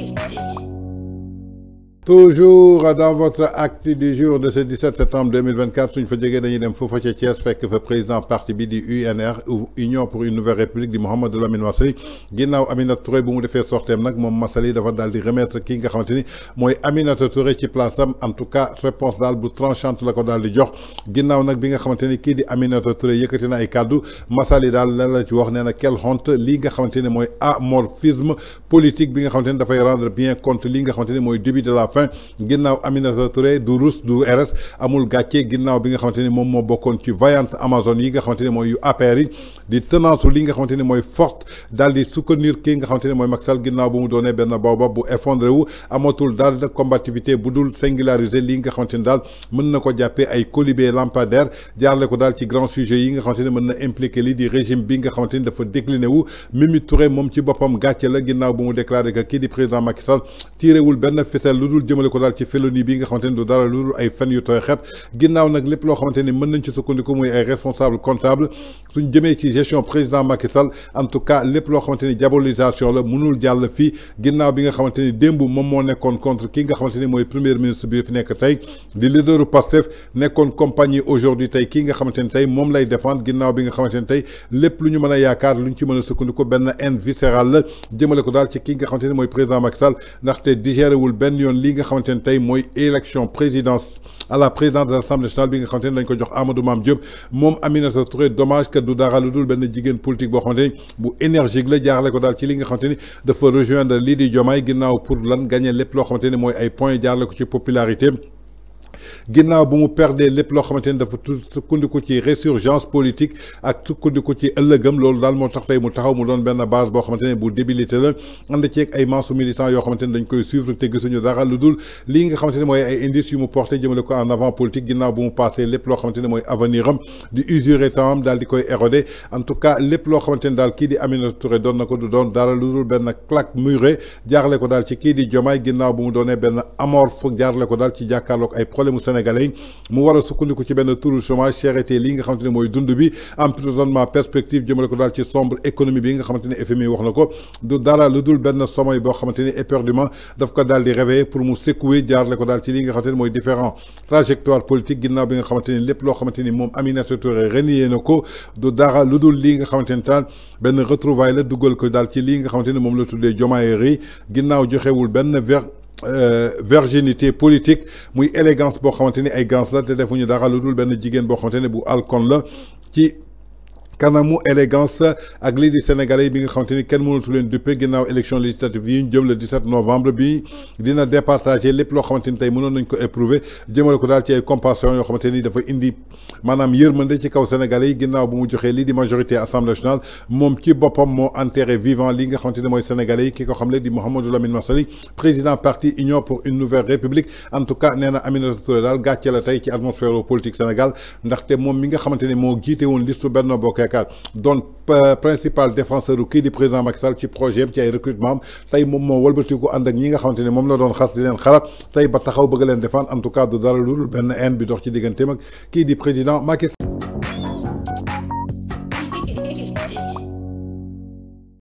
Yeah. toujours dans votre acte du jour de ce 17 septembre 2024 suñ fa jógee dañuy dem foofa ca Thiès fekk fa président parti bi di UNR Union pour une nouvelle république di Mouhamadou Lamine Massaly ginnaaw Aminata Touré bu mu defee sorteem nag moom Massali dafa daal di remettre ki nga xamante ni mooy Aminata Touré ci place am en tout cas réponse daal bu tranchante la ko daal di jox ou nak bi nga xamante ni kii di Aminata Touré yëkkati na ay kàddu Massaly daal lan la ci wax nee na quelle honte lii nga xamante ni amorphisme politique bi nga xamante ni dafay rendre bien compte lii nga xamante début de la fin ginnaaw Aminata Touré du Rus du RS amul gàcce ginnaaw bi nga xamante ni moom moo bokkoon ci vaillante Amazone yi nga xamante ni mooy yu APR yi di tenansu li nga xamanteni moy forte dal di soutenir kii nga xamanteni moy mooy Macky Sall ginnaaw bu mu doonee benn baobab bu effondré wu amatul dal de combativité bu dul singulariser li nga xamanteni dal mën na ko jappé ay colibé lampadaire jaarle ko dal ci grand sujet yi nga xamanteni mën na impliqué li di régime bi nga xamanteni dafa décliné wu Mimi Touré mom ci boppam gatché la ginnaw bu mu déclaré que kii di président Macky Sall tiréwul benn fitel lu dul jëmele ko dal ci félonie bi nga xamanteni ni du dara lu ay fan yu toy xep ginnaw nak lepp lo xamanteni mën nañ ci sukkandiku muy ay responsable comptable suñu jëmee ci gestion président Macky Sall en tout cas lepp lo xamanteni ni diabolisation la mënul jall fi ginnaw bi nga xamanteni dembu mom mo moo contre ki nga xamanteni moy premier ministre bi fi nek tay di leaderu Pastef nekkoon compagnie aujourd'hui tay ki nga xamanteni tay mom lay défendre ginnaw bi nga xamanteni tay lepp luñu mëna ñu luñ ci mëna a sukkandiku benn haine viscérale la jëmale ko dal ci ki nga xamanteni moy président Macky Sall ndax té digéré wul ben yoon li nga xamanteni tay moy élection présidence à la présidence de l'Assemblée nationale bi nga xamanteni lañ ko jox Amadou Mam Diop mom Aminata Touré dommage que du dara lu ben jigen politique bo xamanteni bu énergique la jaarale ko dal ci li nga xamanteni ni dafa rejoindre lii di Diomaye ginnaw pour lan gagner lepp lo xamanteni moy ay points jaarale ko ci popularité ginnaw bu mu perdee lépp loo xamante ni dafa sukkandiku ci résurgence politique ak sukkandiku ci ëllëgam loolu dal mo tax tay mu taxaw mu doon benn base boo xamante ne bu débilité la ànd ci ay mansu militants yoo xamante ne dañ koy suivre te gisuñu dara lu dul lii nga xamante ne mooy ay indices yu mu porté jëmale ko en avant politique ginnaaw bu mu passé lépp loo xamante ne mooy avenir am di usurer temps am daal di koy érodé en tout cas lépp loo xamante ne daal kii di Aminata Touré doon na ko du doon dara lu dul benn claque murée jaarale ko daal ci kii di Diomaye ginnaaw bu mu doonee benn amorphe jaarale ko daal ci jàkkaarloog ay problème problème sénégalais mu war a sukkandiku ci benn turu chômage cherté li nga xamanteni moy mooy dund bi emprisonnement perspective jëmale ko dal ci sombre économie bi nga xamanteni FMI wax nako ko du dara lu dul benn sommeil boo xamante éperdument daf ko dal di réveiller pour mu secouer jaarle ko dal ci li nga xamanteni moy différent trajectoire politique ginnaw bi nga xamanteni lepp lo xamanteni mom ni Aminata Touré renié nako ko du dara lu dul lii nga xamanteni ne ben retrouvaille la duggal ko dal ci li nga xamanteni mom la tuddé Diomaye Rey ginnaaw joxewul ben ver euh, virginité politique muy élégance bo xamanteni la kanamu élégance ak li di sénégalais bi nga xamanteni ni kenn mënatu leen duppe ginnaw élection législative yi ñu jëm le 17 novembre bi dina départager lépp loo xamanteni ni tey mënoon nañ ko éprouver jëmale ko daal ci ay compassion yoo xamanteni dafa indi maanaam yërmande ci kaw sénégalais yi ginnaw bu mu joxé li di majorité assemblée nationale moom ci boppam moo enterré vivant li nga xamanteni ni mooy sénégalais yi ki ko xamle di Mouhamadou Lamine Massali président parti union pour une nouvelle république en tout cas nee na Aminata Touré daal gàcce la tey ci atmosphère politique Sénégal ndaxte moom mi nga xamanteni ni moo jiite woon listu Benno Bokk Dakar doon euh, principal défenseur qui du président Macky Sall ci projet am ci ay recrutement tay tey moom moo walbatiku ànd ak ñi nga xamante ne la doon xas di len xalat tay ba taxaw bëgg leen défendre en tout cas du dara lu dul haine bi dox ci digganteem ak kii di président Macky